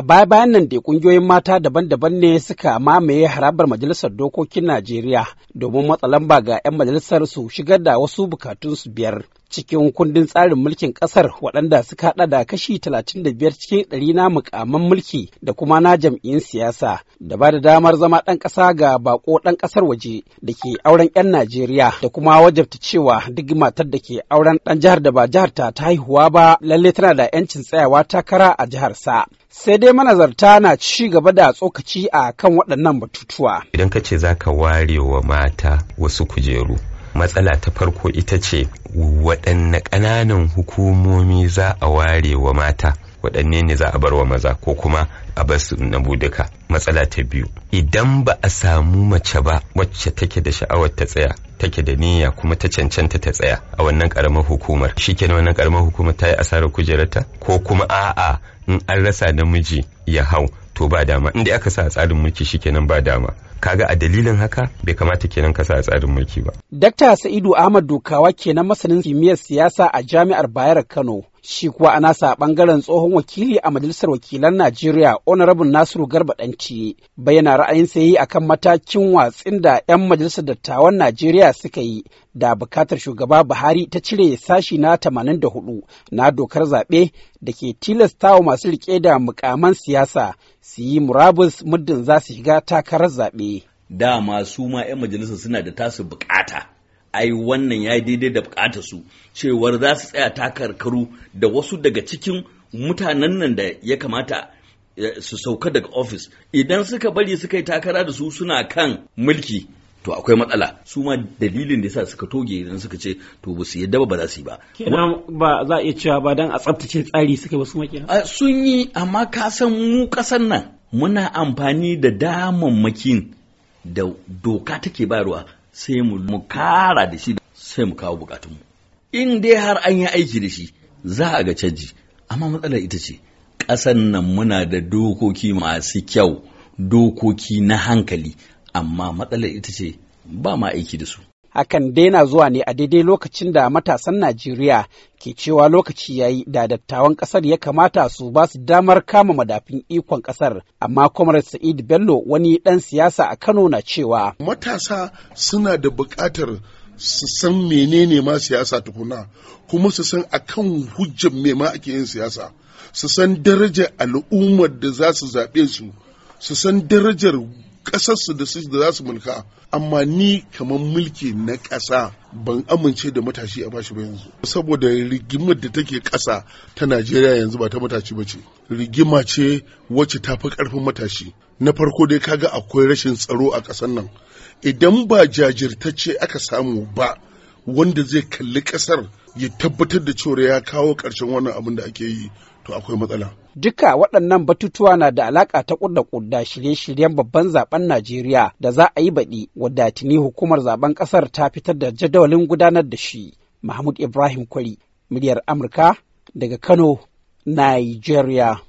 A baya-bayan nan da kungiyoyin mata daban-daban ne suka mamaye harabar Majalisar Dokokin Najeriya domin matsalan ba ga 'yan majalisar su shigar da wasu bukatunsu biyar. cikin kundin tsarin mulkin kasar waɗanda suka haɗa da kashi 35 cikin ɗari na mukaman mulki da kuma na jam'iyyun siyasa da ba da damar zama ɗan ƙasa ga bako ɗan ƙasar waje da ke auren 'yan Najeriya da kuma wajabta cewa duk matar da ke auren ɗan jihar da ba jihar ta ta haihuwa ba lalle tana da 'yancin tsayawa takara a jihar sa. Sai dai manazarta na ci gaba da tsokaci a kan waɗannan batutuwa. Idan ka ce za ka ware wa mata wasu kujeru, matsala ta farko ita ce waɗanne ƙananan hukumomi za a ware wa mata waɗanne ne za a bar wa maza ko kuma a bar su na buduka matsala ta biyu idan ba a samu mace ba wacce take da sha'awar ta tsaya take da niyya kuma ta cancanta ta tsaya a wannan ƙaramar hukumar shi shikenan wannan ƙaramar hukumar ta yi asarar kujerarta ko kuma a'a in an rasa namiji ya hau to ba dama in aka sa a tsarin mulki shi kenan ba dama kaga a dalilin haka bai kamata kenan ka sa a tsarin mulki ba dakta sa'idu ahmad dokawa kenan masanin kimiyyar siyasa a jami'ar bayar kano Shi kuwa a nasa bangaren tsohon wakili a Majalisar Wakilan Najeriya Honorable Nasiru Garba Danci bayyana ra'ayin sayi akan matakin watsin da 'yan Majalisar Dattawan Najeriya suka yi da bukatar shugaba Buhari ta cire sashi na 84 na dokar zaɓe da ke tilastawa masu riƙe da mukaman siyasa su yi murabus muddin za su shiga takarar zaɓe. Da su ma 'yan majalisar suna da tasu bukata. ai wannan ya yi daidai da bukatar su cewar za su tsaya takarkaru da wasu daga cikin mutanen nan da ya kamata eh, su sauka daga ofis idan suka bari suka yi takara da su suna kan mulki to akwai matsala su ma dalilin da yasa suka toge idan suka ce to ba su yadda ba za su yi ba kenan ba za a iya cewa ba dan a tsaftace tsari suka ba su maki sun yi amma ka san mu kasan nan muna amfani da damammakin da doka take bayarwa sai mu kara da shi sai mu kawo mu. in dai har an yi aiki da shi za a ga canji amma matsalar ita ce ƙasan nan muna da dokoki masu kyau dokoki na hankali amma matsalar ita ce ba ma aiki da su hakan daina zuwa ne a daidai lokacin da matasan Najeriya ke cewa lokaci yayi da dattawan kasar ya kamata su ba su damar kama madafin ikon kasar amma Comrade Sa'id Bello wani dan siyasa a Kano na cewa matasa suna da buƙatar su san menene ma siyasa tukuna kuma su san akan hujjar me ma ake yin siyasa su san darajar al'ummar da za su zaɓe su su san darajar ƙasarsu da su da za su mulka amma ni kamar mulki na ƙasa ban amince da matashi a bashi ba yanzu saboda rigimar da take ƙasa ta najeriya yanzu ba ta matashi ba ce rigima ce wacce ta fi ƙarfin matashi na farko dai kaga akwai rashin tsaro a ƙasar nan idan ba jajirtacce aka samu ba wanda zai kalli ƙasar ya tabbatar da cewa ya kawo ƙarshen wannan abin da ake yi to akwai matsala. Duka waɗannan batutuwa na da alaƙa ta ƙudda ƙudda shirye-shiryen babban zaben Najeriya da za a yi baɗi wadda tuni hukumar zaben ƙasar ta fitar da jadawalin gudanar da shi. Mahmud Ibrahim Kwari, muryar Amurka daga Kano, Nigeria.